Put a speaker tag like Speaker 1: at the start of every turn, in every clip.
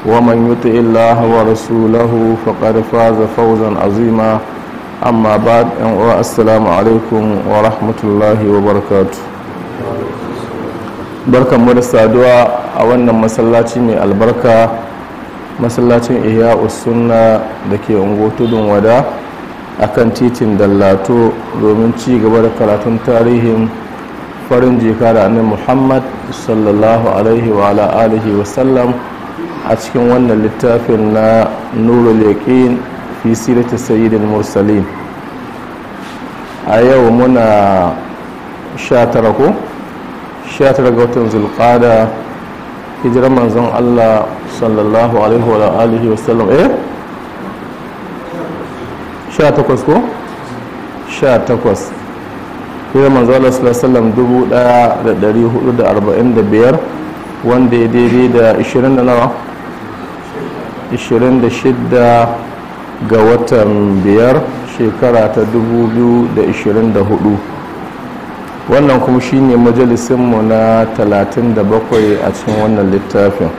Speaker 1: ومن يطع الله ورسوله فقد فاز فوزا عظيما اما بعد السلام عليكم ورحمه الله وبركاته barkan mu da saduwa a wannan masallaci mai albarka masallacin iya sunna da ke tudun wada a kan titin dallato domin ci gaba da karatun tarihin farin jika da annabi muhammad sallallahu alaihi wa ala alihi sallam a cikin wannan littafin na nurul yaqin fi sirati sayyidil mursalin a yau muna 19 ko 19 ga watan zulqada hijirar manzon Allah sallallahu alaihi wa alihi wa sallam eh 18 ko 18 hijirar manzon Allah sallallahu alaihi wa sallam 1445 wanda ya daidai da 20 da nawa 26 ga watan biyar shekara ta 2024 wannan kuma shine majalisinmu na 37 a cikin wannan littafin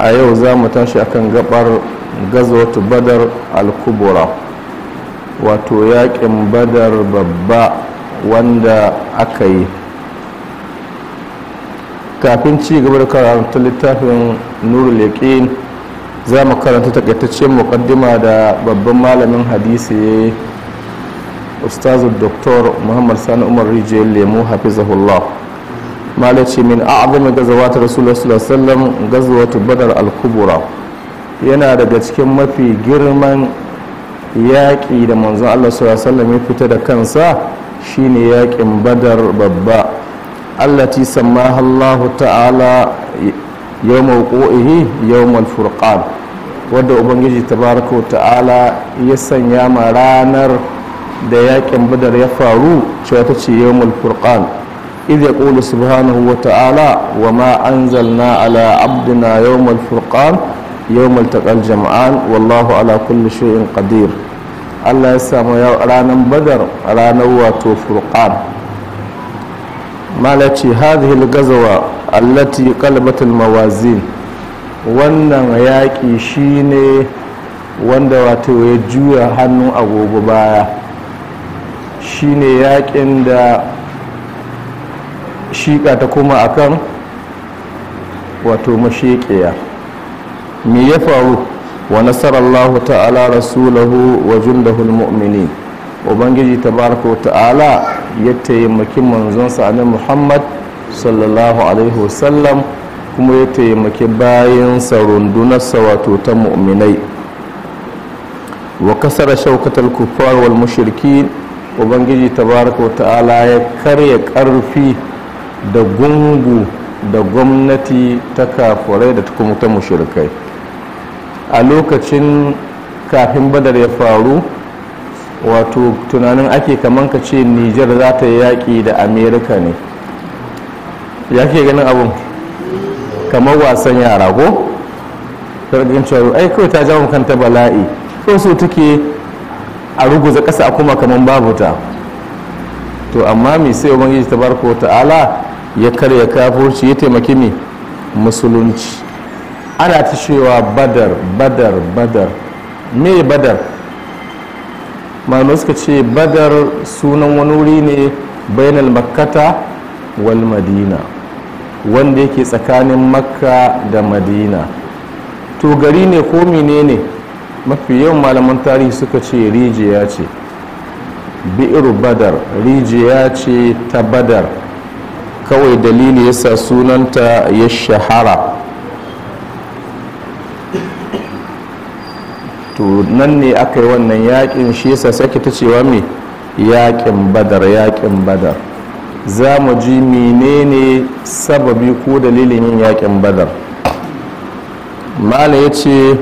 Speaker 1: a yau za mu tashi akan gabar gazawatu badar al wato yakin badar babba wanda aka yi kafin ci gaba da karatun littafin nurul yaqin za mu karanta takaitaccen mukaddima da babban malamin hadisi ustazu doktor muhammad sani umar rijiyar lemu hafizahullah malaci min a'azami gazawata rasulullah sallallahu alaihi gazawa ta badar alkubura yana daga cikin mafi girman yaƙi da manzon Allah sallallahu ya fita da kansa shine yaƙin badar babba allati sammaha allahu ta'ala yawma wuqu'ihi yawmal furqan wadda ubangiji tabaraka ta'ala ya sanya ma ranar da yakin badar ya faru cewa ta ce yawmal furqan idh yaqulu subhanahu wa ta'ala wa ma anzalna ala abdina yawmal furqan yawmal taqal jam'an wallahu ala kulli shay'in qadir Allah ya samu ranar badar ranar wato furqan malaci hadhihi al-gazawa allati kalmatul mawazin wannan yaƙi ne wanda wato ya juya hannun agogo baya shi ne yaƙin da shiƙa ta kuma akan wato masheƙiya me ya faru wa nasarallahu ta'ala rasulahu wa jundahul mu'mini ubangiji tabaraka ta'ala ya taimaki manzonsa annabi muhammad sallallahu alaihi wasallam kuma ya taimaki bayan bayansa rundunarsa wato ta mu'minai wa kasar shaukatar kufar wal mashirki ubangiji tabaraka wa ta'ala ya karya karfi da gungu da gwamnati ta kafurai da kuma ta mashirkai a lokacin kafin badar ya faru wato tunanin ake kamar ka ce nijar za ta yaƙi da amerika ne ya ke ganin abun kamar wasan yara ko zargin cewa ai kawai ta jawo kanta bala'i so so take a ruguza ƙasa a kuma kamar babu ta to amma mai sai wani yi ta barko ta'ala ya karya kafurci ya taimaki mai musulunci ana ta cewa badar badar badar me badar ma'ana suka ce badar sunan wani wuri ne bainal makata wal madina wanda yake tsakanin makka da madina to gari ne ko menene mafi yawan malaman tarihi suka ce rijiya ce bi'ir badar rijiya ce ta badar kawai dalili yasa sunanta ya shahara to nan ne aka yi wannan yakin shi yasa sake ta cewa mai yaƙin badar yaƙin badar za mu ji menene sababi ko dalilin yin yakin badar mala ya ce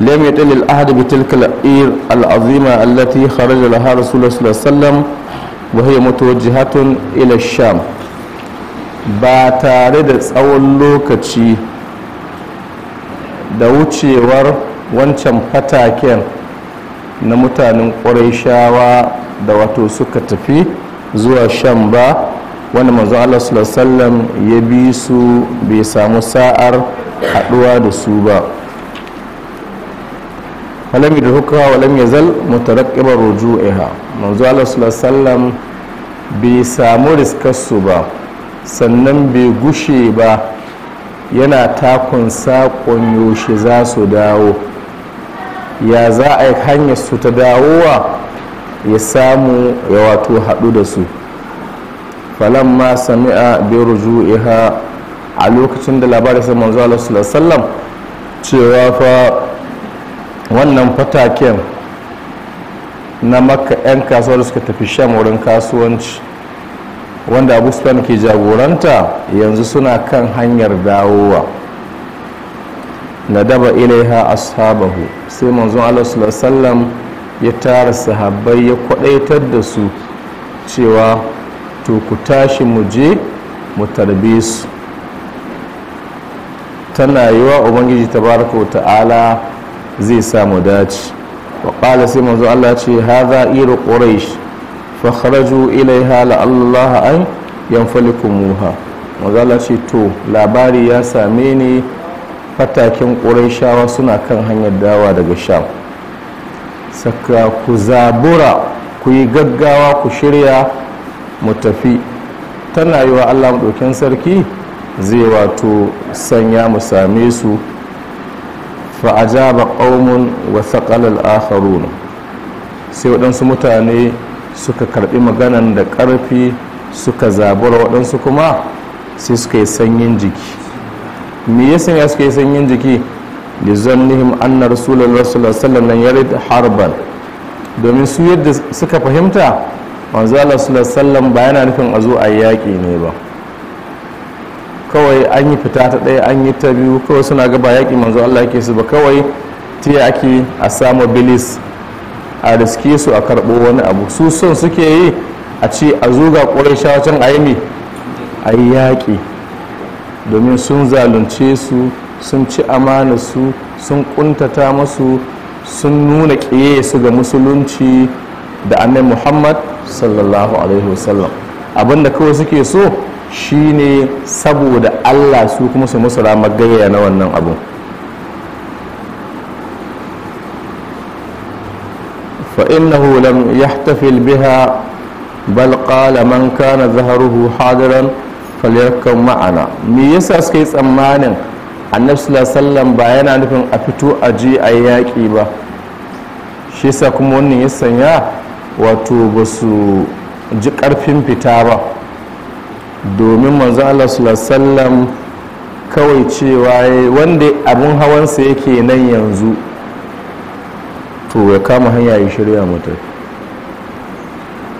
Speaker 1: lemme yatil al bitil kala'ir al'azima allati kharaja laha rasulullah sallallahu wa hiya ila sham ba tare da tsawon lokaci da wucewar wancan fataken na mutanen ƙwarai shawa da wato suka tafi zuwa shan ba wanda manzo Allah sallallahu ya bi su bai samu sa'ar haduwa da su ba falam da hukka wa lam yazal mutaraqqibar ruju'iha manzo Allah sallallahu bai samu riskar su ba sannan bai gushe ba yana takun saƙon yaushe za su dawo ya za a yi hanyar su ta dawowa ya samu ya wato haɗu da su Falon ma sami'a bi ruju'iha a lokacin da labarin sai manzo Allah cewa fa wannan fataken na maka 'yan kasuwar suka tafi shan wurin kasuwanci wanda abu spain ke jagoranta yanzu suna kan hanyar dawowa na daba ilaiha ashabahu sai manzo allah ya tara sahabbai ya kwadaitar da su cewa to ku tashi mu je mu tarbe su tana yi wa ubangiji tabaraka wa ta'ala zai sa mu dace wa qala sai manzo Allah ce hadha iru quraish fa kharaju ilaiha la Allah an yanfalikumuha manzo Allah ce to labari ya same ni fatakin ƙuraishawa suna kan hanyar dawa daga sham saka ku zabura ku yi gaggawa ku shirya mu tafi tana yi wa allah maɗaukin sarki zai wato sanya mu same su fa'ajaba qaumun wa saqalal akharun sai waɗansu mutane suka karɓi maganan da ƙarfi suka zabura waɗansu kuma sai suka yi sanyin jiki me ya sanya suka yi sanyin jiki lizannihim anna rasulullah sallallahu alaihi wasallam yarid harban domin su yadda suka fahimta manzo Allah sallallahu alaihi wasallam ba yana nufin a zo a yaƙi ne ba kawai an yi fita ta ɗaya an yi ta biyu kawai suna ga yaƙi manzo Allah yake su ba kawai yi ake a samu bilis a riske su a karɓo wani abu su son suke yi a ce a zo ga ƙwarai shawacin a a yi yaƙi domin sun zalunce su sun ci su sun kuntata masu sun nuna su ga musulunci da annabi muhammad sallallahu alaihi wasallam abinda kawai suke so shine saboda allah su kuma su musu ramar na wannan abu فإنه لم يحتفل بها بل قال من كان ظهره حاضرا فليركب معنا me yasa suka yi tsammanin annabi sallallahu ba yana nufin a fito a je a yaƙi ba shi sa kuma wannan ya sanya wato ba su ji ƙarfin fita ba domin manzo Allah sallallahu kawai cewa wanda abun hawansa yake nan yanzu to ya kama hanya ya shirya mata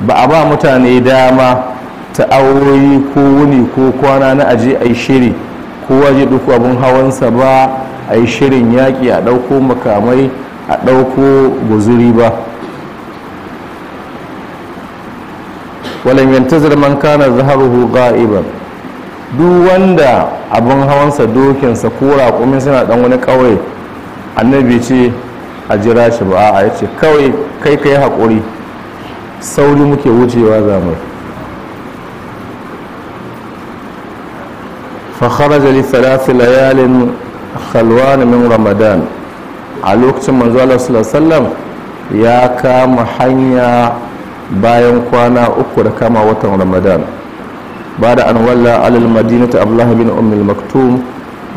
Speaker 1: ba a ba mutane dama ta awoyi ko wuni ko kwana na aje a shiri kowa zai duk abin hawansa ba a yi shirin yaƙi a ɗauko makamai a ɗauko guzuri ba walam yantazir man kana zaharuhu ga'iban duk wanda abin hawansa dokinsa ko raƙumin suna ɗan wani ƙauye annabi ce a jira shi ba a ce kawai kai kai haƙuri sauri muke wucewa zamani فخرج لثلاث ليال خلوان من رمضان a lokacin manzo Allah ya kama hanya bayan kwana uku da kama watan Ramadan bada da an walla alal madinata Abdullah bin Umm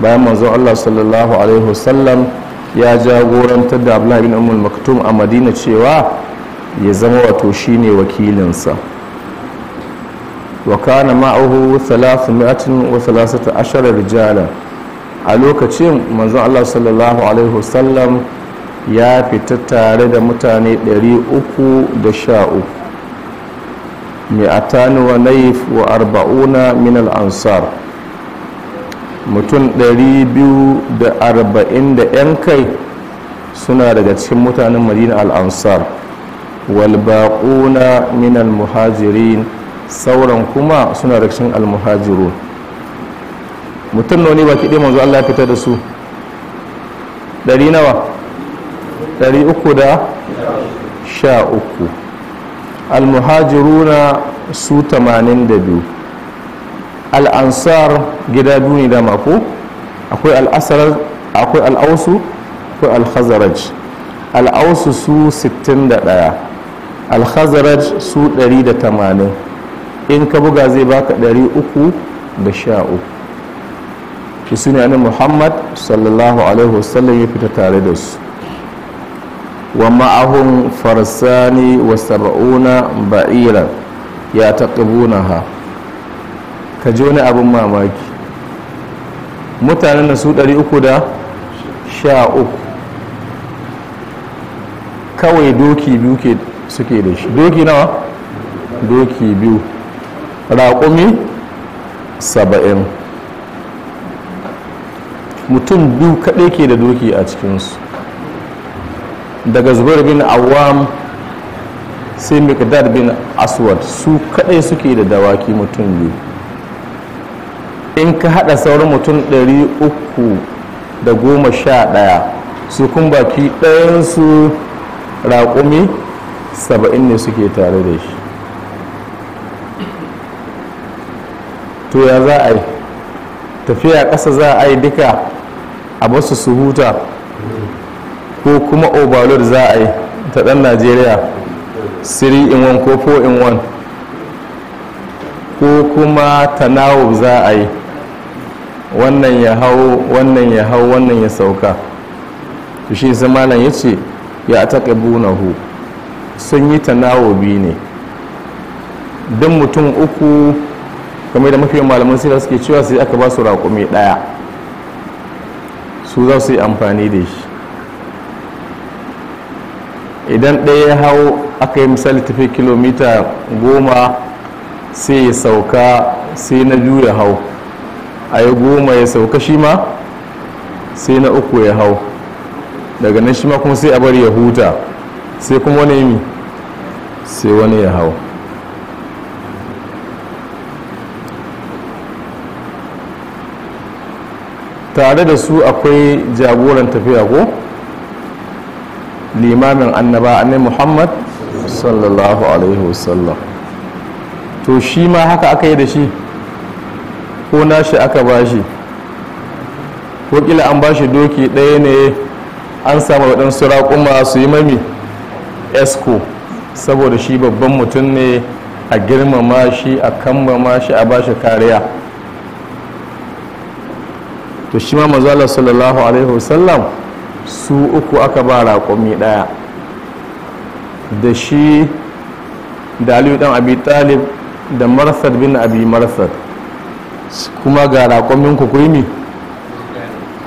Speaker 1: bayan manzo Allah sallallahu alaihi wasallam ya jagorantar da Abdullah bin Umm a Madina cewa ya zama wato shine wakilinsa وكان معه ثلاثمائة وثلاثة ashirar رجالا a lokacin manzon Allah sallallahu alaihi wasallam ya fita tare da mutane 313 mi'atani wa naif wa arba'una min al-ansar mutum 240 'yan kai suna daga cikin mutanen madina al-ansar wal baquna min al-muhajirin sauran kuma suna da cikin almuhajiru mutum na wani ba kiɗe manzo Allah fita da su ɗari nawa ɗari uku da sha uku na su tamanin da biyu al'ansar gida biyu ne da mako akwai al'asar akwai al'ausu akwai al al'ausu su 61 al-khazaraj su 180 in ka buga zai baka 313 su ne annabi muhammad sallallahu alaihi wasallam ya fita tare da su wa ma'ahum farsani wa sab'una ba'ira ya taqibunaha ka ji wani abin mamaki mutanen da su 313 kawai doki biyu suke da shi doki nawa doki biyu raƙumi saba'in mutum biyu kaɗai ke da doki a cikinsu daga zubar bin awam sai mikdad bin aswad su kaɗai suke da dawaki mutum biyu in ka haɗa sauran mutum ɗari uku da goma sha ɗaya su kun baki ɗayansu raƙumi saba'in ne suke tare da shi to ya za a yi tafiya ƙasa za a yi duka a basu su huta ko kuma overload za a yi ta ɗan najeriya 3 in 1 ko 4 in 1 ko kuma tanawo za a yi wannan ya hau wannan ya hau wannan ya sauka to shi zamanan ya ce ya taƙa bunahu sun yi tanawo biyu ne don mutum uku kamar da mafi malaman sira suke cewa sai aka ba su raƙumi ɗaya su za su yi amfani da shi idan ɗaya ya hau aka yi misali tafi kilomita goma sai ya sauka sai na biyu ya hau a yi goma ya sauka shi ma sai na uku ya hau daga nan shi ma kuma sai a bari ya huta sai kuma wani yi sai wani ya hau tare da su akwai jagoran tafiya ko limamin annaba annai muhammad sallallahu alaihi wasallam to shi ma haka aka yi da shi ko nashi aka ba shi. ko kila an ba shi doki ɗaya ne an samu waɗin raƙuma su yi mami esko saboda shi babban mutum ne a girmama shi a kammama shi a ba shi kariya to shi ma mazala sallallahu alaihi wasallam su uku aka ba raƙumi ɗaya da shi da aliyu dan abi talib da marsad bin abi marsad kuma ga raƙomin ku kuyi mi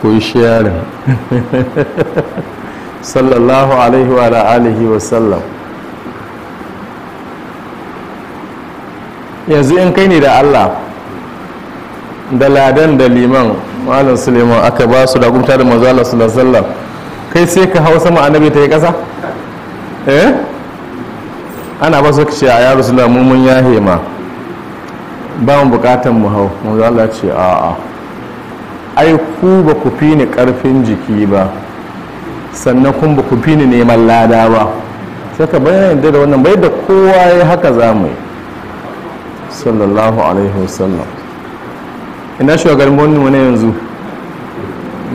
Speaker 1: ku yi sharing sallallahu alaihi wa alihi wasallam sallam yanzu in kai ne da Allah da ladan da liman malam suleiman aka ba su da gumta da manzo Allah sallallahu alaihi kai sai ka hau sama annabi ta yi kasa eh ana ba su ce a yaro suna mun ya hema ba mu bukatan mu hau manzo Allah ce a a ai ku ba ku fi ni karfin jiki ba sannan kun ba ku fi ni neman lada ba sai ka bayyana da wannan bai da kowa ya haka zamu sallallahu alaihi wasallam ina shugaban mu na yanzu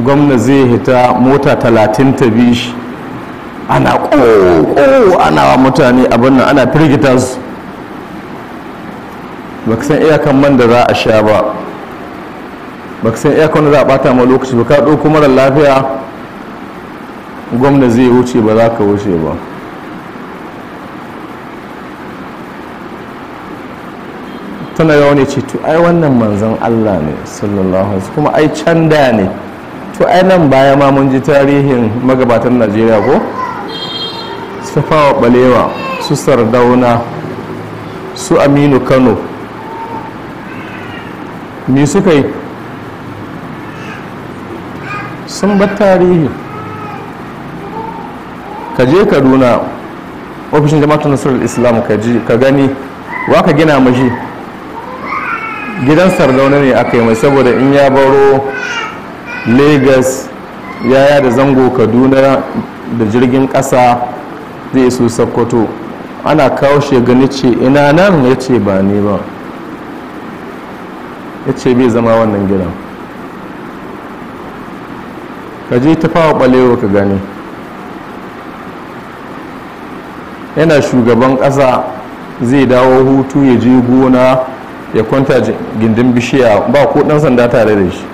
Speaker 1: gwamna zai hita mota talatin ta bi shi ana ƙo'o ana wa mutane abin ana firgita su ba san iyakan man da za a sha ba ba san iyakan za a bata ma lokaci ba ka ɗauko marar lafiya gwamna zai wuce ba za ka wuce ba tana ga ce to ai wannan manzon Allah ne sallallahu alaihi kuma ai can da ne to ai nan baya ma mun ji tarihin magabatan Najeriya ko su balewa su sardauna su aminu kano ni suka yi sun bar tarihi ka je kaduna ofishin jama'atar nasarar islam ka gani wa ka gina mashi gidan sardauna ne aka yi mai saboda in ya baro lagos yaya da zango kaduna da jirgin ƙasa zai iso sokoto ana kawo shi ce ina nan ya ce ba ne ba ya ce bai zama wannan gidan ka ta fawa ɓalewa ka gani yana shugaban ƙasa zai dawo hutu ya je gona ya kwanta gindin bishiya ba ko dan sanda tare da shi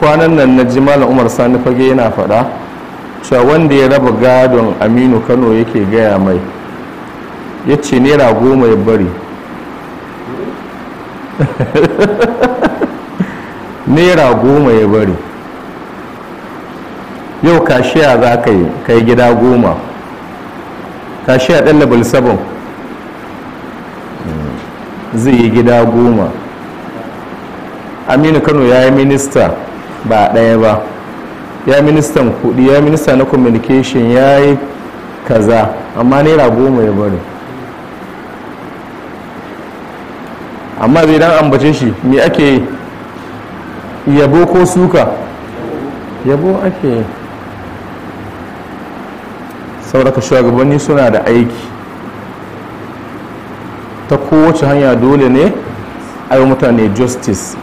Speaker 1: kwanan nan na jimala umar sani fage yana faɗa cewa wanda ya raba gadon aminu kano yake gaya mai ya ce nera goma ya bari naira goma ya bari yau kashiya za ka yi kai gida goma kashiya ɗan level 7 zai yi gida goma aminu kano ya yi minista ba ɗaya ba ya ministan kudi ya minista na communication ya yi kaza amma naira goma ya bari amma zai dan ambace shi me ake yabo ko suka yabo ake yi saboda shugabanni suna da aiki ta kowace hanya dole ne a yi mutane justice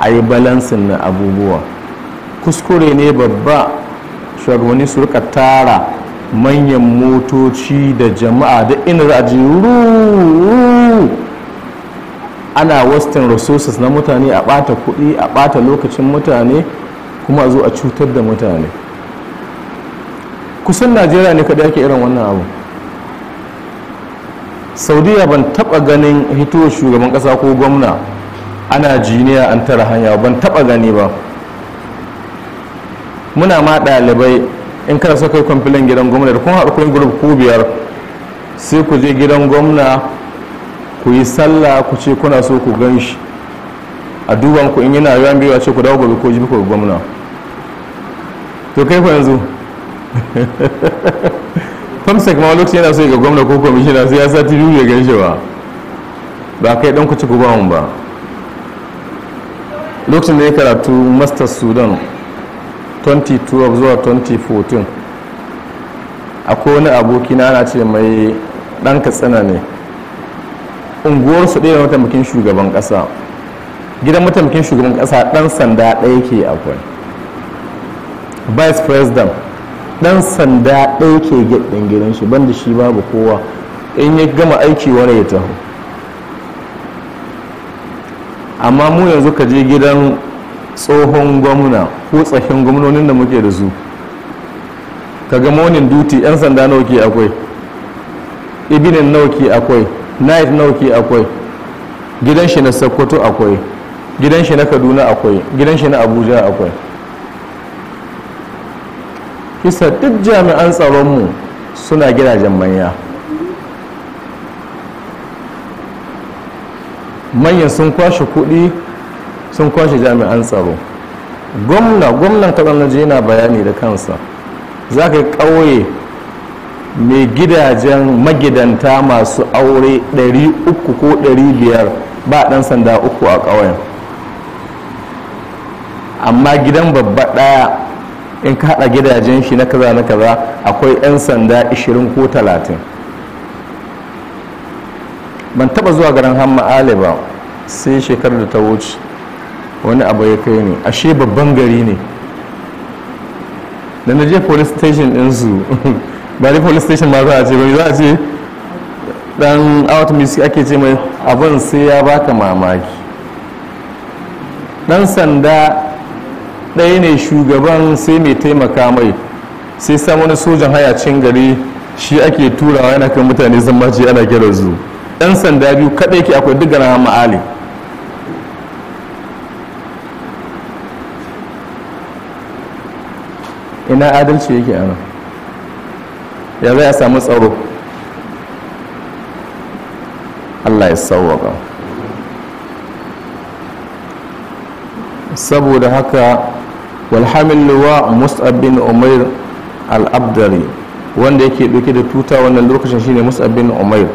Speaker 1: a yi balansin na abubuwa kuskure ne babba shugabanni su rika tara manyan motoci da jama'a da ina za a ji ana western resources na mutane a bata kudi a bata lokacin mutane kuma a zo a cutar da mutane kusan najeriya ne kaɗai ake irin wannan abu saudiya ban taɓa ganin hitowar shugaban ƙasa ko gwamna ana jiniya an tara hanya ban taɓa gani ba muna ma ɗalibai in kana so kai kwamfilin gidan gwamna da kuma haɗu kun grup ko biyar sai ku je gidan gwamna ku yi sallah ku ce kuna so ku gan shi a duban ku in yana yawan biyu a ce ku dawo gobe ko jibi ko gwamna to kai fa yanzu famsek ma lokacin yana so ga gwamna ko kwamishina sai ya sa tv ya gan shi ba ba kai dan kuci ku ba ba lokacin da ya karatu master sudan 2012 zuwa 2014 akwai wani aboki na ana ce mai dan katsina ne unguwarsu ɗaya mataimakin shugaban ƙasa gidan mataimakin shugaban ƙasa ɗan sanda ɗaya ke akwai vice president dan sanda ɗaya ke gidan gidan shi banda shi babu kowa in ya gama aiki wani ya taho amma mu yanzu ka je gidan tsohon gwamna ko tsakin gwamnonin da muke da su ka ga morning duty 'yan sanda nawa ke akwai ibinin nawa ke akwai night nawa ke akwai gidan shi na sokoto akwai gidan shi na kaduna akwai gidan shi na abuja akwai bisa duk jami'an tsaronmu suna gidajen manya manyan sun kwashe kuɗi sun kwashe jami'an tsaro gwamna gwamnan naje yana bayani da kansa za ka yi ƙauye mai gidajen magidanta masu aure 300 ko 500 ba ɗan sanda uku a ƙauyen amma gidan babba ɗaya in ka haɗa gidajen shi na kaza na kaza akwai 'yan sanda 20 ko 30 ban taba zuwa garin hamma ba sai shekarar da ta wuce wani abu ya kai ne ashe babban gari ne da na je police station su, ba ne police station ma za a ce ba za a ce dan out music ake ce mai abin sai ya baka mamaki dan sanda ɗaya ne shugaban sai mai taimaka mai sai samu wani sojan cin gari shi ake turawa yana kan mutane zan mace ana gyara zu ɗan sanda biyu kaɗai ke akwai duk ganin ma'ali ina adalci yake ana ya zai a samu tsaro allah ya sauwaka saboda haka walhamin luwa mus'ab bin umair al-abdari wanda yake doke da tuta wannan lokacin shine mus'ab bin umair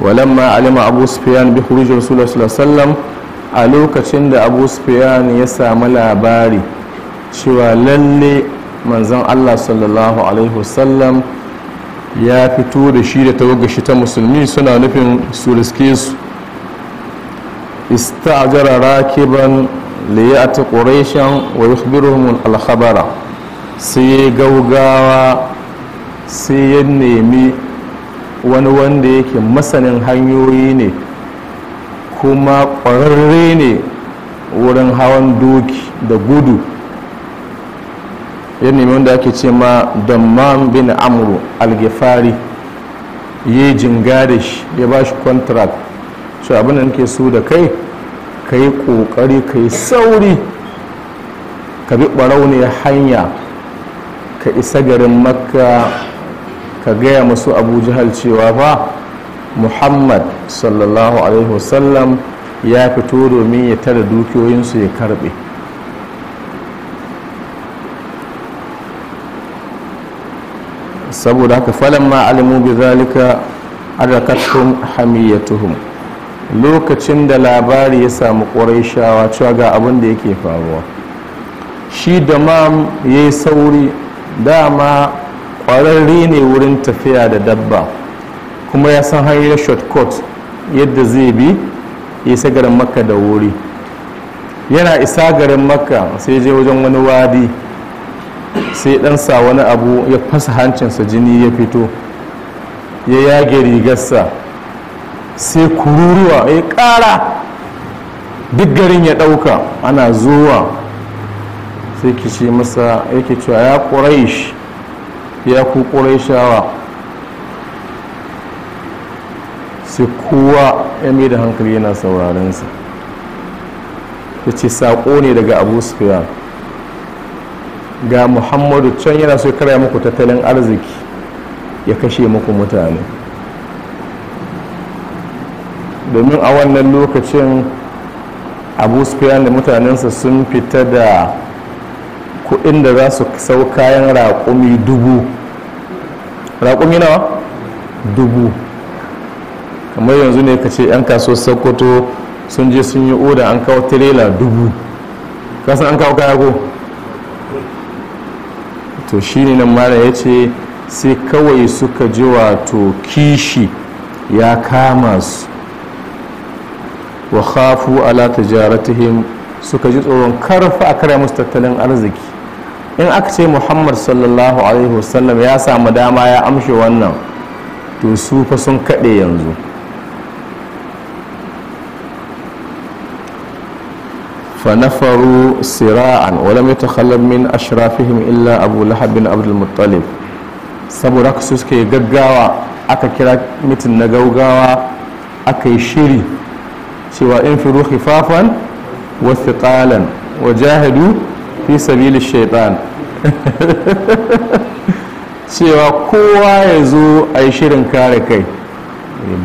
Speaker 1: walamma alima abu sufyan bi khuruj rasulullah sallallahu alaihi wasallam a lokacin da abu sufyan ya samu labari cewa lalle manzon Allah sallallahu alaihi wasallam ya fito da shi da tawaga shi ta musulmi suna nufin su riske su ista'jara rakiban liyati quraishan wa yukhbiruhum al-khabara sai gaugawa sai ya nemi wani wanda yake masanin hanyoyi ne kuma ƙwararre ne wurin hawan doki da gudu ya nemi wanda ake ce ma damman bin amuru algifari ya jinga da shi ya ba shi contract su abin da nake so da kai ka yi ƙoƙari ka yi sauri ka bi ne hanya ka isa garin makka ka gaya musu abu jihar cewa ba muhammad sallallahu alaihi wasallam ya fito domin ya tara dukiyoyinsu ya karbe saboda haka falon ma bi zalika adakatun hamiyatuhum lokacin da labari ya samu shawa cewa ga abin da yake faruwa shi da mam ya yi sauri dama ƙwararre ne wurin tafiya da dabba kuma ya san hanyar shortcut yadda zai bi ya isa garin makka da wuri yana isa garin makka sai je wajen wani wadi sai ɗansa wani abu ya fasa hancinsa jini ya fito ya yage rigarsa sai kururuwa ya eh, ƙara duk garin ya ɗauka ana zuwa sai ki ce masa yake cewa ya ƙuraish ya ku ƙuraishawa sai kowa ya mai da hankali yana saurarinsa ya ce saƙo ne daga abu sufiya ga muhammadu can yana so ya muku tattalin arziki ya kashe muku mutane domin a wannan lokacin abu sufiyan da mutanensa sun fita da kuɗin da za su sau kayan raƙumi dubu raƙumi nawa dubu kamar yanzu ne ka ce 'yan kaso sokoto sun je sun yi oda an kawo tirela dubu kasan an kawo kayago to shi ne nan mara ya ce sai kawai suka ji wato kishi ya kama su wa khafu ala tijaratihim suka ji tsoron karfa a kare musu tattalin arziki in aka ce muhammad sallallahu alaihi wasallam ya samu dama ya amshe wannan to su fa sun kaɗe yanzu فنفروا سراعا ولم يتخلف من أشرافهم إلا illa abu بن bin المطلب saboda haka su suke gaggawa aka kira mitin na gaugawa aka yi shiri cewa in firu hifafan wasu thiqalan wa jahadu fi sabili shaitan cewa kowa ya zo a yi shirin kare kai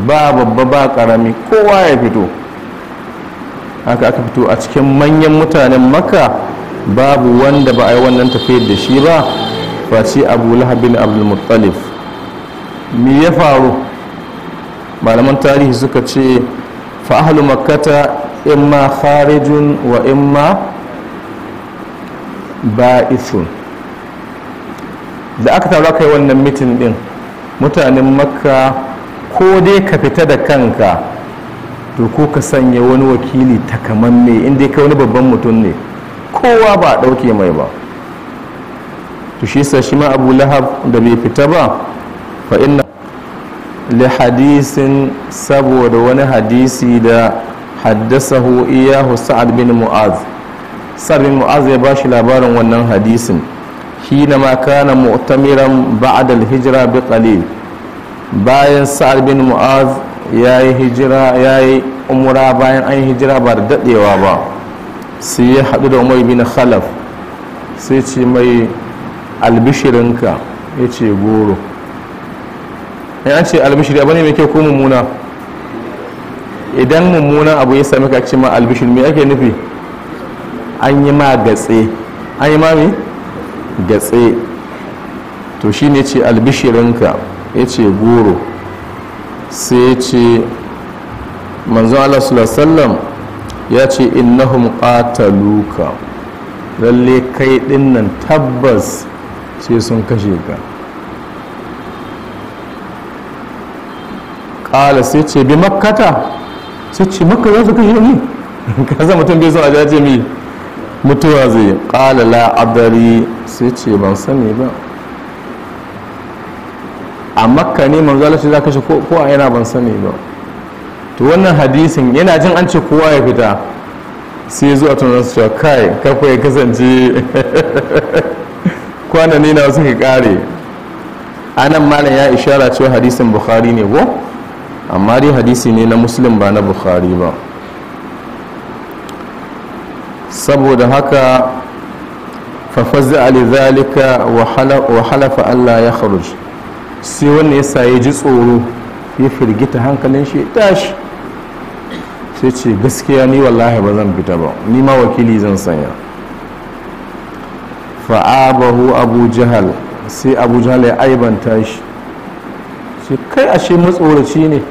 Speaker 1: ba babba ba karami kowa ya fito aka aka fito a cikin manyan mutanen maka babu wanda ba a yi wannan tafiyar da shi ba face abu lahabin abdulmuttalif me ya faru malaman tarihi suka ce fa ahlu makkata imma kharijun wa ma ba'ithun da aka taru aka yi wannan mitin din mutanen makka ko dai ka fita da kanka to ko ka sanya wani wakili takamamme inda ka wani babban mutum ne kowa ba a ɗauke mai ba to shi sa shi ma abu lahab da bai fita ba fa inna li hadisin saboda wani hadisi da haddasahu iyahu sa'ad bin mu'az sa'ad bin mu'az ya bashi labarin wannan hadisin hina ma kana mu'tamiran ba'da al-hijra bi qalil bayan sa'ad bin mu'az yayi hijira yayi umra bayan an hijira ba da dadewa ba sai ya haɗu da umar bin khalaf sai ce mai albishirinka ya ce goro in an ce albishiri abu ne mai kyau ko mummuna idan mummunan abu ya sami kaci ma albishiri me ake nufi an yi ma gatse an yi ma me gatse to shi ne ce albishirinka ya ce goro sai ya ce manzon allah sallam ya ce innahum qataluka lalle kai dinnan tabbas sai sun kashe ka kala sai ce bi makkata sai ce makka za su kashe kaza mutum bai zo a jaje mi mutuwa zai kala la adari sai ce ban sani ba a makka ne manzo Allah za kashe ko a yana ban sani ba to wannan hadisin yana jin an ce kowa ya fita sai zuwa tunan su kai kafa ya kasance kwanan ne na wasu ka kare anan malam ya ishara cewa hadisin bukhari ne ko amma dai hadisi ne na muslim ba na bukhari ba saboda haka fafazi alizalika wa halafa allah ya kharuj sai wannan ya sa ya ji tsoro ya firgita hankalin shi tashi sai ce gaskiya ni wallahi ba zan fita ba ni ma wakili zan sanya fa'abahu abu jahal sai abu jahal ya aibanta shi sai kai ashe matsoraci ne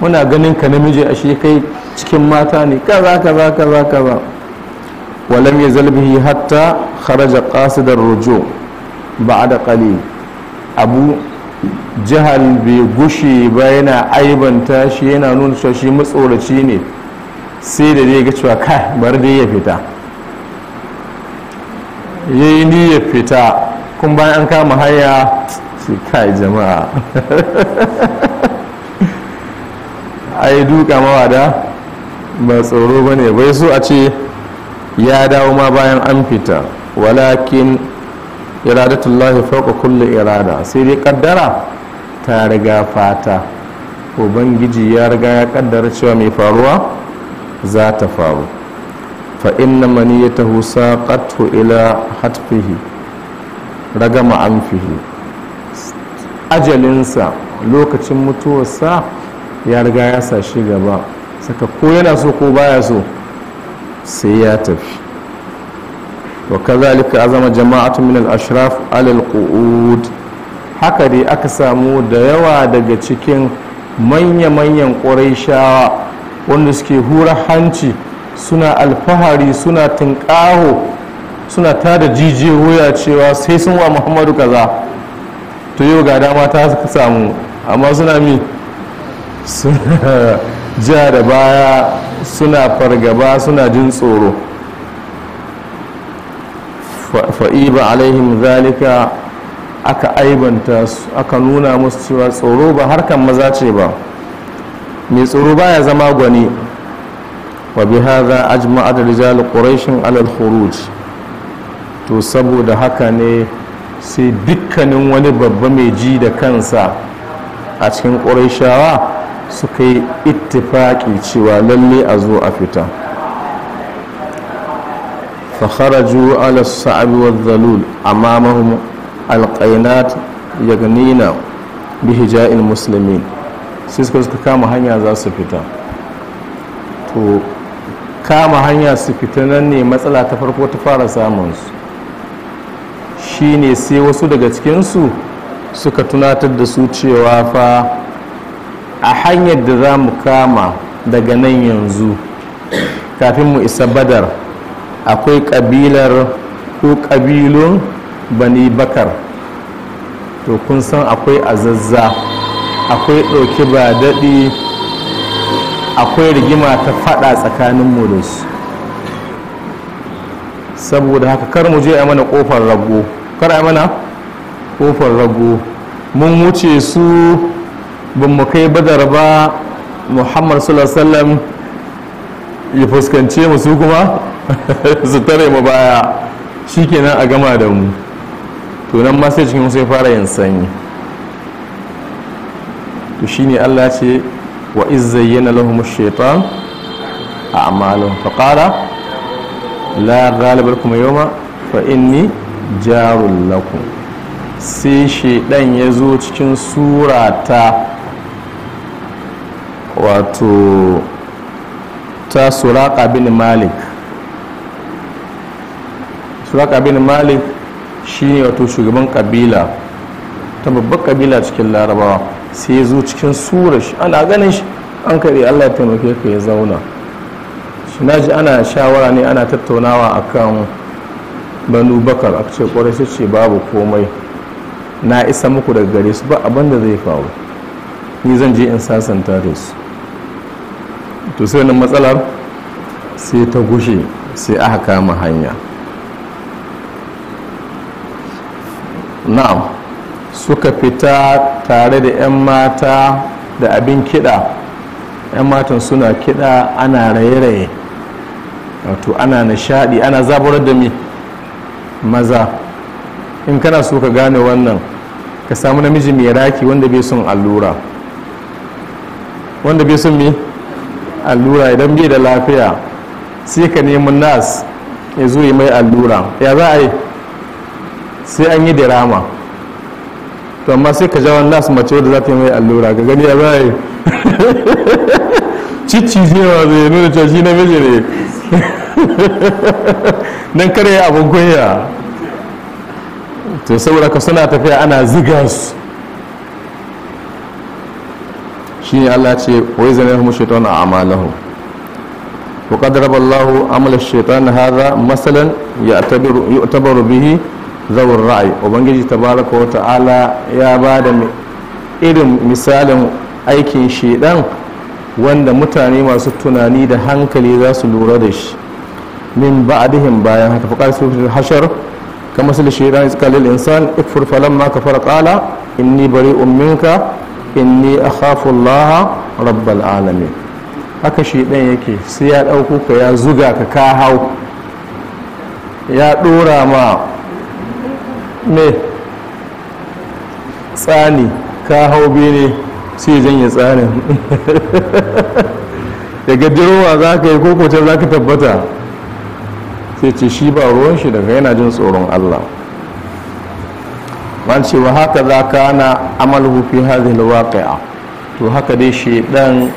Speaker 1: muna ganin ka namiji a shi kai cikin mata ne kaza kaza kaza kaza walam ya zalbihi hatta kharaja qasidar rujo ba'da qalil abu jihar bai gushe ba yana aibanta shi yana nuna cewa shi matsoraci ne sai da zai ga cewa kai bar dai ya fita yayi ni ya fita kun bayan an kama haya shi kai jama'a ai duka mawada ba tsoro ba ne bai so a ce ya dawo ma bayan an fita walakin iradatullahi fauka kulle irada sai dai kaddara ta riga fata ubangiji ya riga ya kaddara cewa mai faruwa za ta faru fa inna husa saqathu ila hatfihi ragama anfihi ajalinsa lokacin mutuwarsa ya riga ya sa shi gaba saka ko yana so ko baya so sai ya tafi wa kazalika azama jama'atu min al-ashraf alal al-qu'ud haka dai aka samu da yawa daga cikin manya-manyan shawa wanda suke hura hanci suna alfahari suna tunƙaho suna ta da jijiyar wuya cewa sai sun wa muhammadu kaza to yau ga dama ta samu amma suna mi suna ja da baya suna fargaba suna jin tsoro fa'iba alaihim zalika aka aibanta aka nuna musu cewa tsoro ba harkan maza ce ba mai tsoro baya zama gwani wa bi hadha ajma'a da rijal quraishin alal khuruj to saboda haka ne sai dukkanin wani babba mai ji da kansa a cikin qurayshawa suka yi ittifaƙi cewa lalle a zo a fita fakharaju ala sa'abi wa dhalul amamahum alqainat yagnina bi hija'il muslimin sai suka suka kama hanya za su fita to kama hanya su fita nan ne matsala ta farko ta fara samun su shine sai wasu daga cikinsu suka tunatar da su cewa fa a hanyar da za mu kama daga nan yanzu kafin mu isa badar akwai ƙabilar ko ƙabilun bani bakar to kun san akwai azazza akwai ɗauki ba daɗi akwai rigima ta faɗa tsakanin mu da su saboda haka kar mu je a mana ƙofar rago kar a mana ƙofar rago mun wuce su ban mu kai badar ba muhammad sallallahu ya fuskance mu su kuma su tare mu baya shikenan a gama da mu to nan ma sai cikin sai fara yin sanyi to shine Allah ce wa izzayyana lahum ash-shaytan a'malahum faqala la ghaliba lakum yawma fa inni jarul lakum sai shedan ya zo cikin surata wato ta suraka bin malik suraka bin malik shi ne wato shugaban kabila ta babbar kabila cikin larabawa sai ya zo cikin sura shi ana ganin shi an kare allah taimake ka ya zauna shi na ji ana shawara ne ana tattaunawa kan banu bakar aka ce kwarai sai ce babu komai na isa muku daga gare su ba abin da zai faru ni zan je in sasanta da su to sai matsalar sai ta gushe sai aka kama hanya na'am suka fita tare da 'yan mata da abin kiɗa 'yan matan suna kiɗa ana raye-raye wato ana nishaɗi ana zaburar da mi maza in kana so ka gane wannan ka samu namiji mai raki wanda bai son allura wanda bai son mi allura idan bai da lafiya sai ka nemi nas ya zo yi mai allura ya za a yi sai an yi dirama to amma sai ka jawon nas mace wadda za ta yi mai allura ga gani ya za a yi cici zewa zai nuna cewa shi namiji ne nan kare abin kunya to saboda ka suna tafiya ana ziga su shine Allah ce wai shaitan a amalahu wa qad raballahu amalar shaitan na haza masalan ya yu'tabaru bihi ra'ayi ra'i ubangiji tabaraka wa ta'ala ya bada irin misalin aikin shaitan wanda mutane masu tunani da hankali za su lura da shi min dihin bayan haka faqar suratul hashar kama sul da shaitan iskalil insan ikfur falamma kafara in inni bari umminka inni akhafu Allah rabbal alamin haka shi ɗan yake sai ya ɗauko ka ya zuga ka ka ya ɗora ma me tsani ka hau ne sai zan yi tsani daga jirowa za ka yi kokocin za ka tabbata sai ce shi ba ruwan shi daga yana jin tsoron Allah man wa haka za ka na amalhu fi hadhihi alwaqi'a to haka dai shedan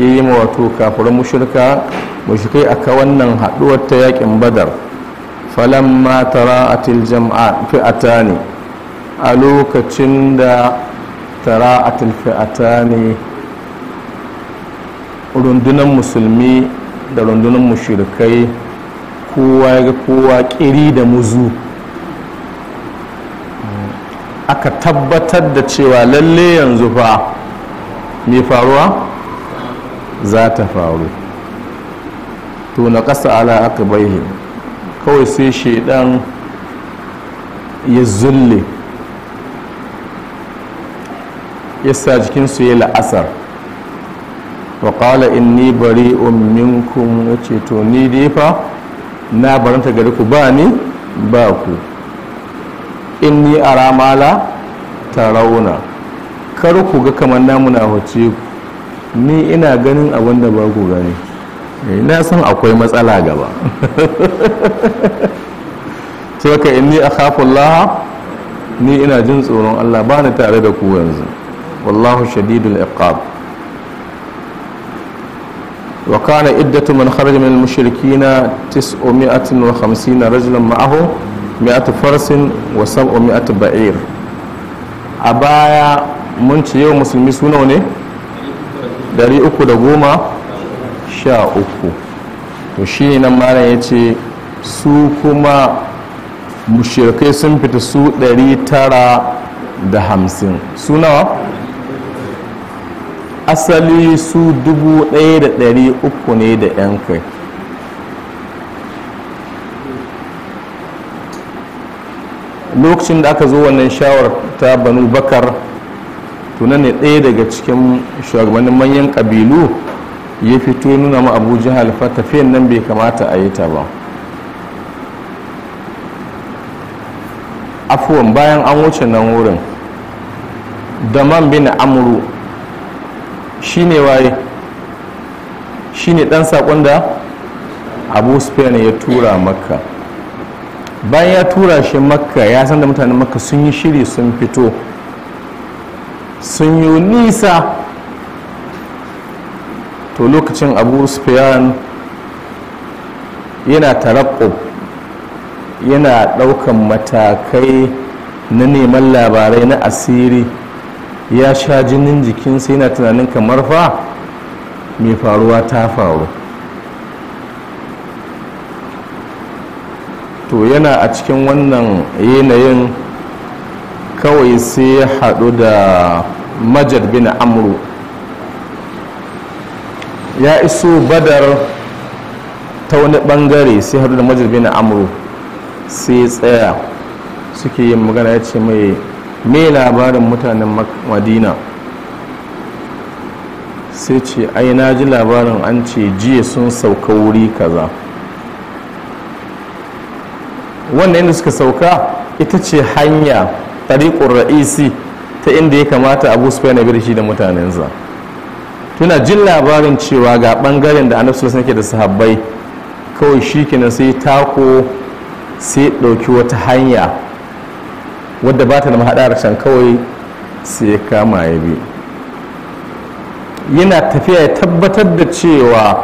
Speaker 1: yayi ma wato kafirin mushrika a aka wannan haduwar ta yakin badar falamma tara'atil jam'a ne a lokacin da ta ne rundunar musulmi da rundunan mushrikai kowa ya ga kowa ƙiri da muzu aka tabbatar da cewa lalle yanzu fa mai faruwa za ta faru to na ƙasa ala aka bayi kawai sai shaidan ya zulle ya sa jikinsu ya la'asar wa ƙala ni bari minkum ya ce to ni dai fa na baranta gari ku ba ni ba ku inni a ramala tarawuna kar ku ga kamar namu na hoce ku ni ina ganin abin da ba ku gani eh, na san akwai matsala gaba to ka inni akhafullah ni ina jin tsoron Allah ba ni tare da ku yanzu wallahu shadidul iqab wa kana iddatu man kharaja min al-mushrikeena 950 rajulan ma'ahu mi'atu farsin wa sab'u mi'atu ba'ir a baya mun ci yau musulmi su nawa ne 313 to shine nan ya ce su kuma mushirkai sun fita su 950 su nawa asali su 1300 ne da yan kai lokacin da aka zo wannan shawar ta banu bakar tunan ne ɗaya daga cikin shugabannin manyan ƙabilu ya fito nuna ma abu jihar tafiyan nan bai kamata a yi ta ba afuwan bayan an wuce nan wurin da man bin amuru shi ne waye shi ne ɗan saƙon da abu spain ya tura maka bayan ya tura shi makka ya san da mutanen makka sun yi shiri sun fito sun yi nisa to lokacin abu sufyan yana tarakko yana daukan matakai na neman labarai na asiri ya sha jinin jikinsa yana tunanin kamar fa mai faruwa ta faru to yana a cikin wannan yanayin kawai sai ya haɗu da majad bin amru ya iso badar ta wani ɓangare sai haɗu da majad bin amru sai tsaya suke yin magana ya ce mai me labarin mutanen madina sai ce ai na ji labarin an ce jiya sun sauka wuri kaza wannan inda suka sauka ita ce hanya tariƙun ra'isi ta inda ya kamata abu su na shi da mutanensa tuna jin labarin cewa ga ɓangaren da annabi sallallahu da sahabbai kawai shi kenan sai tako sai ɗauki wata hanya wadda ba ta da mahaɗar can kawai sai ya kama ya bi yana tafiya ya tabbatar da cewa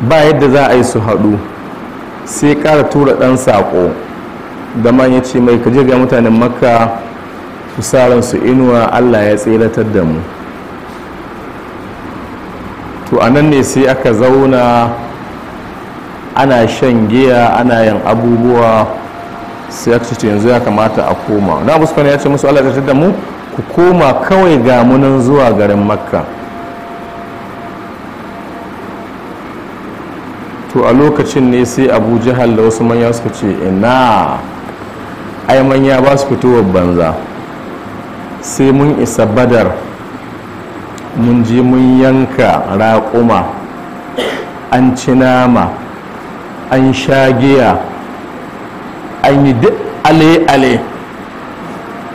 Speaker 1: ba yadda za a yi su haɗu sai kara tura dan sako da man ya ce mai kaje ga mutanen makka su sa su inuwa allah ya tseratar da mu to a ne sai aka zauna ana shan giya ana yin abubuwa sai aka ce yanzu ya kamata a koma na abu ya ce musu allah ya tseratar da mu ku koma kawai ga munan zuwa garin makka to a lokacin ne sai abu jihar da wasu manya suka ce ina ai manya ba su fitowar banza sai mun isa badar mun je mun yanka raƙuma an ci nama an sha giya an yi duk ale-ale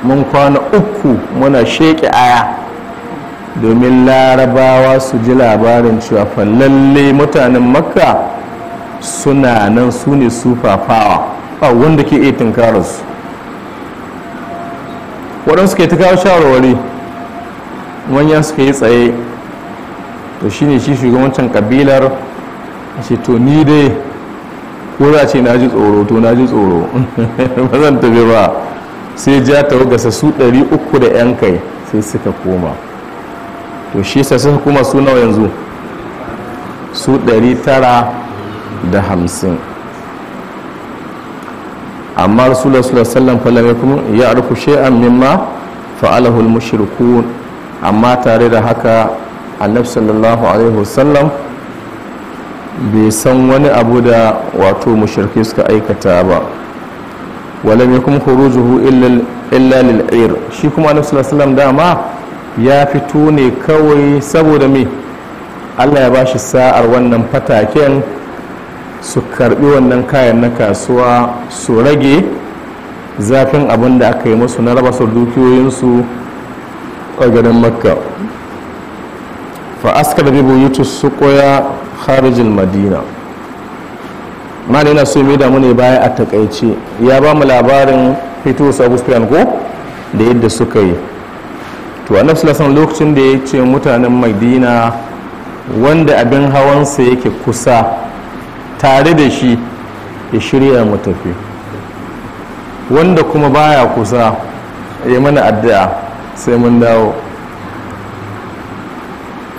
Speaker 1: mun kwana uku muna sheƙi aya domin larabawa su ji labarin cewa fallalle mutanen makka suna nan su ne sufafawa ba wanda ke iya tunkararsu waɗansu ke ta kawo shawarwari manyan suka yi tsaye to shi ne shi shugabancin kabilar ce to ni dai ko za ce na ji tsoro to na ji tsoro ba zan tafi ba sai ja ta su su 300 da 'yan kai sai suka koma to shi sa suka koma suna yanzu su 900 da hamsin amma rasulullah sallallahu alaihi wasallam ya arku shay'an mimma fa'alahu al-mushrikun amma tare da haka annabi sallallahu alaihi wasallam bai san wani abu da wato mushrike suka aikata ba walam yakum khurujuhu illa lil ayr shi kuma annabi sallallahu alaihi dama ya fito ne kawai saboda me Allah ya bashi sa'ar wannan fataken su karbi wannan kayan na kasuwa su rage zafin abin da aka yi musu na raba su dukiyoyinsu a garin makka fa'askar aska da bibu yi su koya harijin madina mana yana so mai damu ne baya a takaice ya ba mu labarin fito su abu ko da yadda suka yi to nafsu lasan lokacin da ya ce mutanen madina wanda abin hawansa yake kusa tare da shi ya shirya mu tafi wanda kuma baya kusa ya mana addu'a sai mun dawo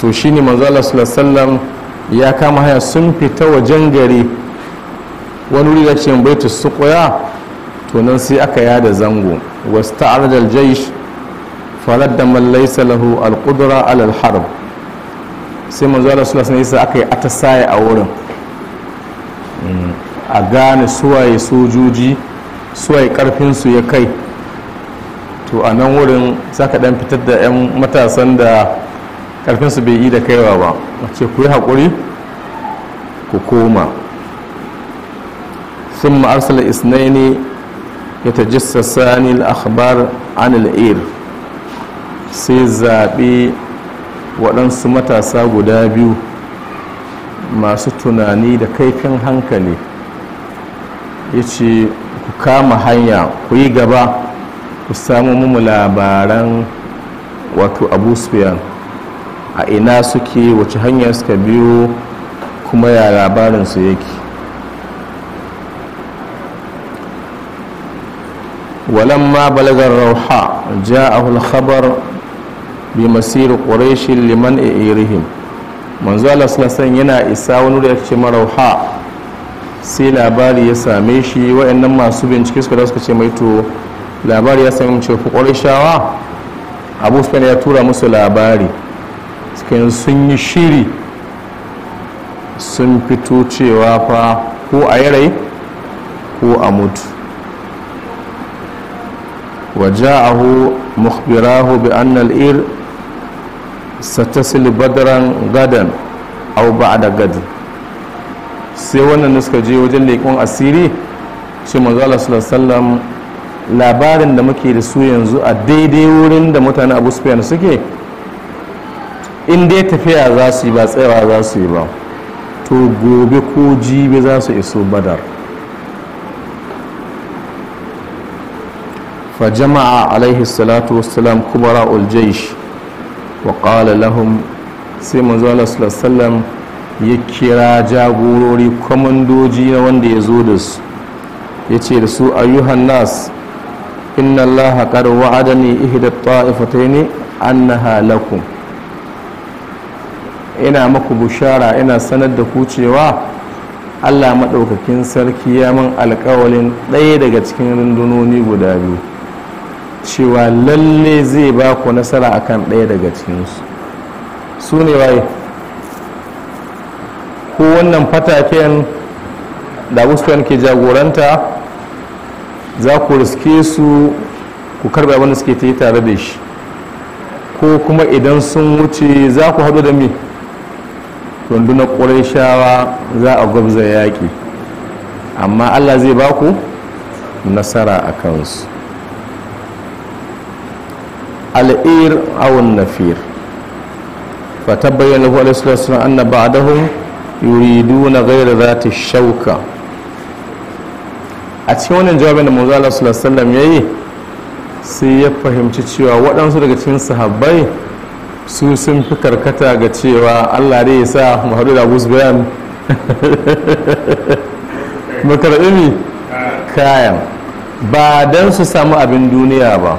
Speaker 1: to shine manzala sallam ya kama haya sun fita wajen gari wani wuri da ce baitu suqya to nan sai aka yada zango Wasu ta'adar jaysh faladda man laysa lahu al ala al-harb sai manzala sallallahu alaihi wasallam aka yi atasaya a wurin a gane suwaye sojoji suwaye karfinsu ya kai to a nan wurin saka dan fitar da 'yan matasan da karfinsu bai yi da kaiwa ba ce ku yi haƙuri ku koma sun ma'arsala isnaini ya ta jissasani al'akhbar an sai zaɓe waɗansu matasa guda biyu masu tunani da kaifin hankali ya ce ku kama hanya ku yi gaba ku samu mu labaran wato abu sufiyan a ina suke wace hanyar suka biyo kuma ya labarinsu yake walan ma balagar a بلغ الروحاء bi masiru ƙorashin liman a irihim manzo Allah yana isa wani da yake rauha sai labari ya same shi waɗannan masu bincike suka suka ce mai to labari ya same ce fukwar shawa abu sufyan ya tura musu labari suka sun yi shiri sun fito cewa fa ko a yi rai ko a mutu waje waja'ahu mukbirahu bi annal ir satasil badran gadan au da gadi. sai wannan da suka je wajen leƙon asiri ce manzo Allah sallallahu labarin da muke da su yanzu a daidai wurin da mutane Abu Sufyan suke in dai tafiya za su yi ba tsayawa za su yi ba to gobe ko jibi za su iso badar fa فجمع salatu الصلاة والسلام كبراء الجيش وقال لهم سيما زال sai الله عليه وسلم ya kira jagorori kwamandoji na wanda ya zo da su ya ce da su ayyuhan nas inna allaha qad wa'adani ihda ta'ifataini annaha lakum ina maku bushara ina sanar da ku cewa Allah maɗaukakin sarki ya man alƙawalin ɗaya daga cikin rundunoni guda biyu cewa lalle zai ba ku nasara akan ɗaya daga cikinsu su ne waye ko wannan fataken da usman ke jagoranta za ku riske su ku karɓi abin da suke ta yi tare da shi ko kuma idan sun wuce za ku haɗu da mi rundunar shawa za a gwabza yaƙi amma allah zai ba ku nasara a kansu al'ir awon nafir fa tabbayyana hu alaihi salatu anna ba'dahum na gaira za ta shauka a cikin wannan jawabin da manzo sallallahu alaihi yi sai ya fahimci cewa waɗansu daga cikin sahabbai su sun fi karkata ga cewa Allah dai ya sa mahadu da Abu zubayan mu kayan ba don su samu abin duniya ba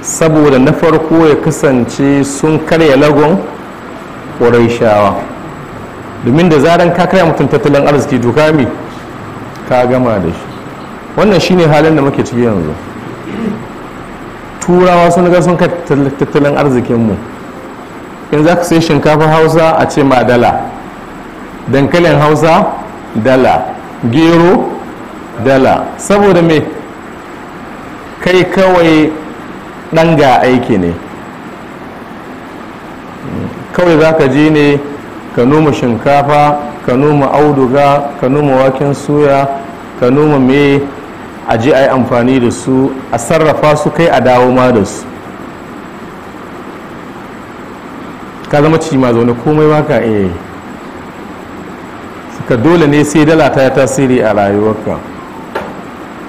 Speaker 1: saboda na farko ya kasance sun karya lagon shawa. domin da zaran ka kaya mutum tattalin arziki to kami ka gama da shi wannan shine halin da muke ciki yanzu turawa sun ga sun ka tattalin arzikinmu in za ka sai shinkafa hausa a ce ma dala dankalin hausa dala gero dala saboda me kai kawai ɗan aiki ne kawai za ka je ne ka noma shinkafa ka noma auduga ka noma waken soya ka noma me a ji a yi amfani da su a sarrafa su kai a dawo ma da su ka zama ci ma zaune komai ba ka iya suka dole ne sai dala ta yi tasiri a rayuwarka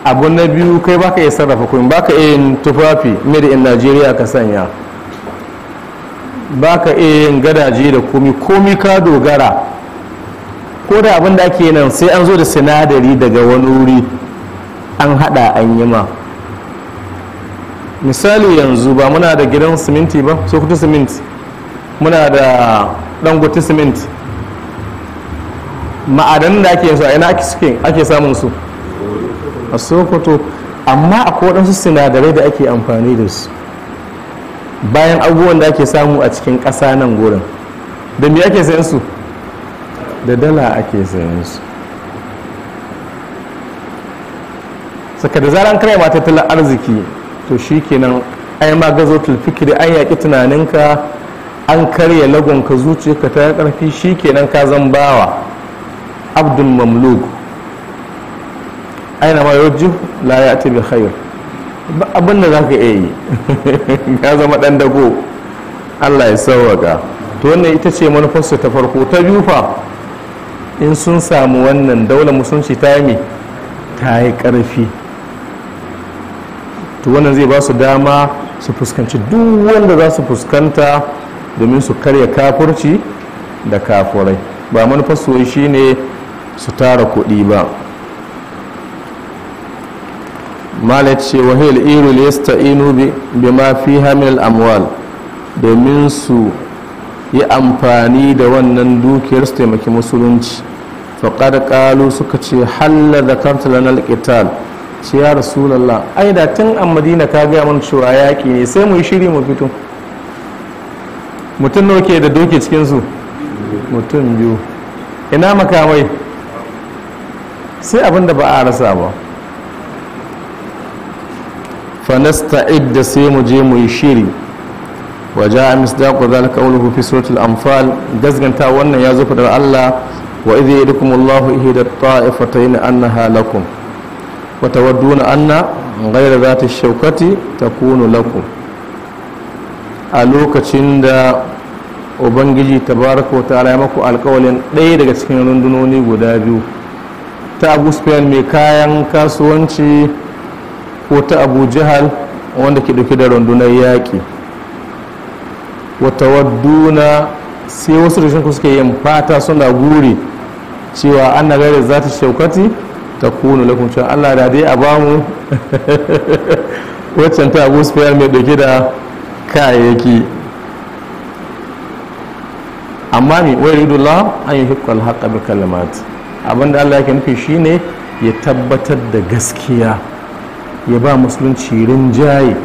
Speaker 1: abu na biyu kai ba ka iya sarrafa kuma ba ka iya yin tufafi made in najeriya ka sanya ba ka iya yin gadaje da komi komi ka dogara ko da abin da ake nan sai an zo da sinadari daga wani wuri an hada an yi ma misali yanzu ba muna da gidan siminti ba sokoto siminti muna da dangote siminti ma'adanin da ake a ina ake samun su a sokoto amma akwai waɗansu sinadarai da ake amfani da su bayan abubuwan da ake samu a cikin ƙasa nan gurin da me ake sayan su da dala ake sayan su saka da zaran kare ma tattalin arziki to shi kenan ai ma gazo fikiri an yaƙi tunaninka an karya lagonka zuciyarka ta ƙarfi shi kenan ka zan bawa abdul mamluk aina ma yurji la ya'ti bi khair abin da za ka iya yi ya zama ɗan dago allah ya sauwaka to wannan ita ce manufarsu ta farko ta biyu in sun samu wannan daular musulunci ta yi ta yi ƙarfi to wannan zai ba su dama su fuskanci duk wanda za su fuskanta domin su karya kafurci da kafurai ba manufarsu shi ne su tara kuɗi ba malar ce wahil irul yasta'inu bi ma fi hamil amwal domin su yi amfani da wannan dukiyar su taimaki musulunci faƙar ƙalu suka ce halar da kantilanar ƙital ce ya rasulallah ai da tun an madina ka gaya mana cewa yaƙi ne sai mu yi shiri mu fito mutum nauke da doki cikinsu mutum biyu ina makamai sai abin da ba a rasa ba فنستعد da sai mu je mu yi shiri waje a misdaku zalika qawluhu fi suratul anfal gasganta wannan ya zo fadar Allah wa idh yadukum Allah ihda ta'ifatayn annaha lakum wa tawadduna anna ghayra zati shawkati takunu lakum a lokacin da ubangiji tabaraka wa ta'ala ya maku alkawalin ɗaya daga cikin rundunoni guda biyu ta abu mai kayan kasuwanci ko ta abu jihal wanda ke ɗauke da rundunar yaƙi wata wadduna sai wasu da shinku suke yin fata suna guri cewa an na gare za ta shaukati ta kunu lakum cewa allah da dai a bamu waccan ta abu spiyar mai ɗauke da kayayyaki amma ni wai ridula an yi hikwal haƙa bi kalamat abinda allah yake nufi shine ya tabbatar da gaskiya ya ba musulunci rinjaye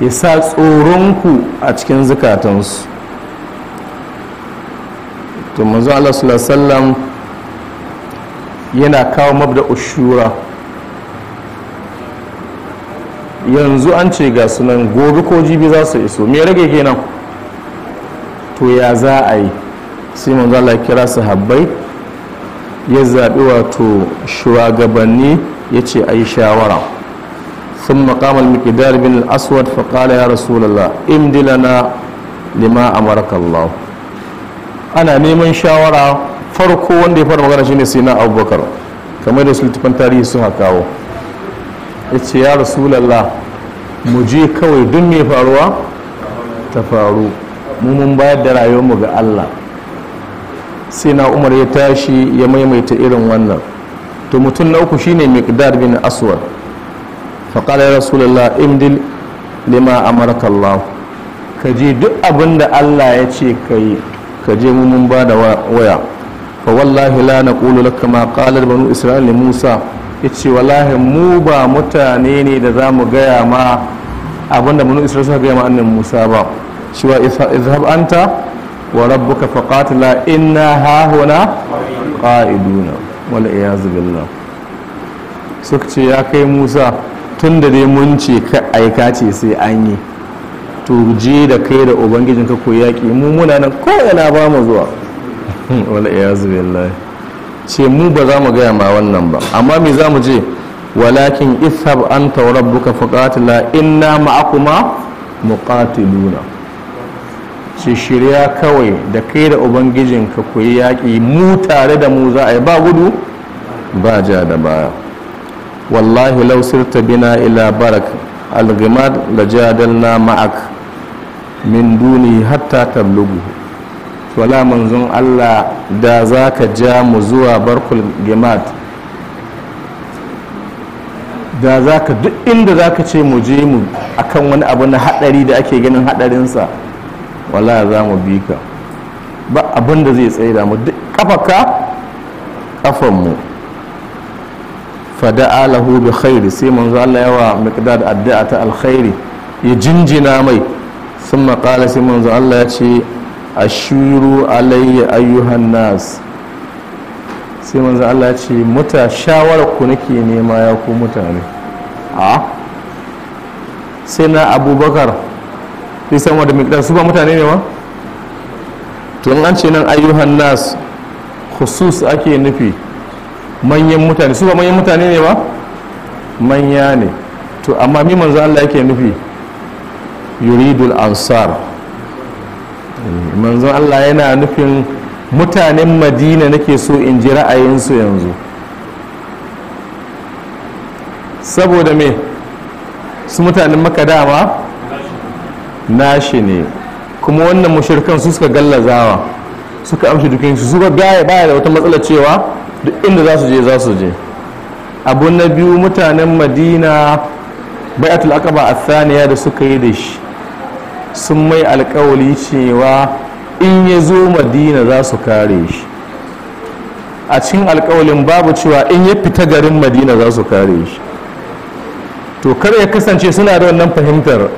Speaker 1: ya sa tsoronku a cikin zukatansu to manzo Allah sallallahu yana kawo mabda ushura yanzu an ce ga sunan gobe ko jibi za su iso me rage kenan to ya za a yi sai manzo Allah kira habbai ya zaɓi wato shugabanni ya ce a yi shawara ثم قام المقدار بن الأسود فقال يا رسول الله امد لنا لما أمرك الله أنا نيمن شاورا farko wanda ya fara magana shine sina abubakar kamar da su tarihi suka kawo ya ce ya rasulallah mu je kawai duk mai faruwa ta faru mu mun bayar da rayuwarmu ga allah sai na umar ya tashi ya maimaita irin wannan to mutum na uku shine miqdad bin aswad faƙar ya rasulullah imdil lima amarka Allah ka je duk abin da Allah ya ce ka yi ka je mu mun ba da waya fa wallahi la naqulu laka ma qala banu isra'il musa yace wallahi mu ba mutane ne da za mu gaya ma abinda banu isra'il suka gaya ma annabi musa ba cewa izhab anta wa rabbuka faqatila inna hahuna qa'iduna wal iyaz billah suka ce ya kai musa tun da dai mun ce ka aika ce sai an yi to je da kai da ubangijin ka koyi yaƙi mu muna nan ko yana ba mu zuwa wala iyazu billahi ce mu ba za mu gaya ma wannan ba amma me za mu je walakin ishab anta rabbuka faqatila inna ma'akuma muqatiluna ce shirya kawai da kai da ubangijin ka koyi yaƙi mu tare da mu za a yi ba gudu ba ja da baya wallahi law sirta bina ila barak al-ghimad na ma'ak min duni hatta tablugu wala manzon Allah da za ka ja mu zuwa barkul gimad da za ka duk inda za ka ce mu je mu akan wani abu na haɗari da ake ganin haɗarinsa wala za mu bi ka ba abin da zai tsaye da mu duk ka ƙafanmu fada'a lahu bi khairi sai manzo Allah yawa miqdad addu'a ta alkhairi ya jinjina mai sun maƙala sai manzo Allah ya ce ashuru alayya ayyuhan nas sai manzo Allah ya ce muta shawara ku nake nema ya ku mutane a sai na abubakar sai wa da miqdad su ba mutane ne ma to an ce nan ayyuhan nas khusus ake nufi manyan mutane su ba manyan mutane ne ba manya ne to amma miman za Allah yake nufi yuridul ansar eh, manzo Allah yana nufin mutanen madina nake so in ji ra'ayinsu yanzu saboda me su mutanen maka dama nashi ne kuma wannan mushirkan su suka gallazawa suka amshi dukinsu su ba baya da wata matsala cewa duk inda za su je za su je abu na biyu mutanen madina bai'atul aqaba a saniya da suka yi da shi sun mai alkawali cewa in ya zo madina za su kare shi a cikin alkawalin babu cewa in ya fita garin madina za su kare shi to kar ya kasance suna da wannan fahimtar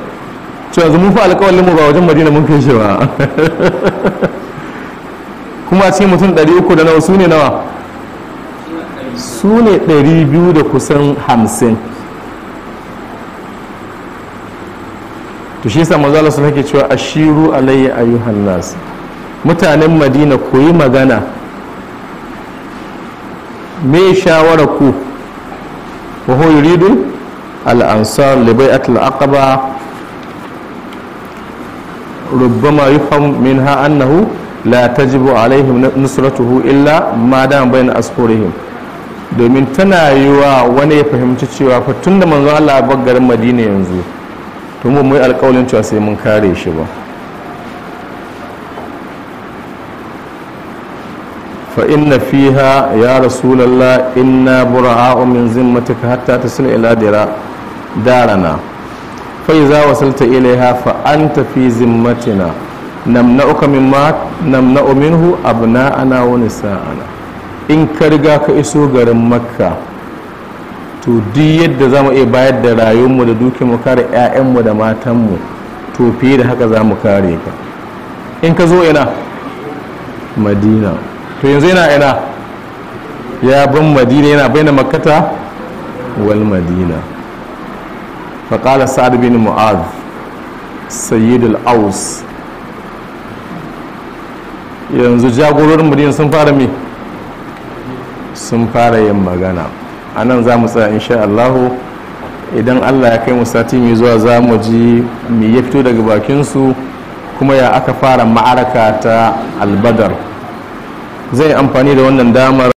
Speaker 1: cewa mun fi alkawalin mu ba wajen madina mun fi shi ba kuma ce mutum 300 da nawa su ne nawa su ne 200 da kusan 50 to shi sa mazala su nake cewa shiru alayya ayyuhan nas mutanen madina koyi magana me shawara ku ridu. huwa yuridu al-ansar ma yi aqaba rubbama yufham minha annahu la tajibu alaihim nusratuhu illa ma dama bayan asporihim domin tana yi wa wani ya fahimci cewa fa tun da manzon Allah bagarin garin Madina yanzu to mu mai alƙawarin cewa sai mun kare shi ba fa inna fiha ya rasulullah inna bura'a'u min zimmatika hatta tasil ila dira darana fa iza wasalta ilaiha fa anta fi zimmatina namna'uka mimma namna'u minhu abna'ana wa nisa'ana in ka riga ka iso garin makka to duk yadda za mu iya bayar da rayuwarmu da mu kare 'ya'yanmu da matanmu to fiye da haka za mu kare ka in ka zo ina madina to yanzu yana ina ya ban madina yana bai na makata wal madina faƙala sa'ad bin mu'ad sayyidul aus yanzu jagororin madina sun fara mai sun fara yin magana a nan za mu tsaya insha Allahu idan Allah ya kai mu sati mai zuwa za mu ji mai ya fito daga bakinsu kuma ya aka fara ma'araka ta albadar zai amfani da wannan damar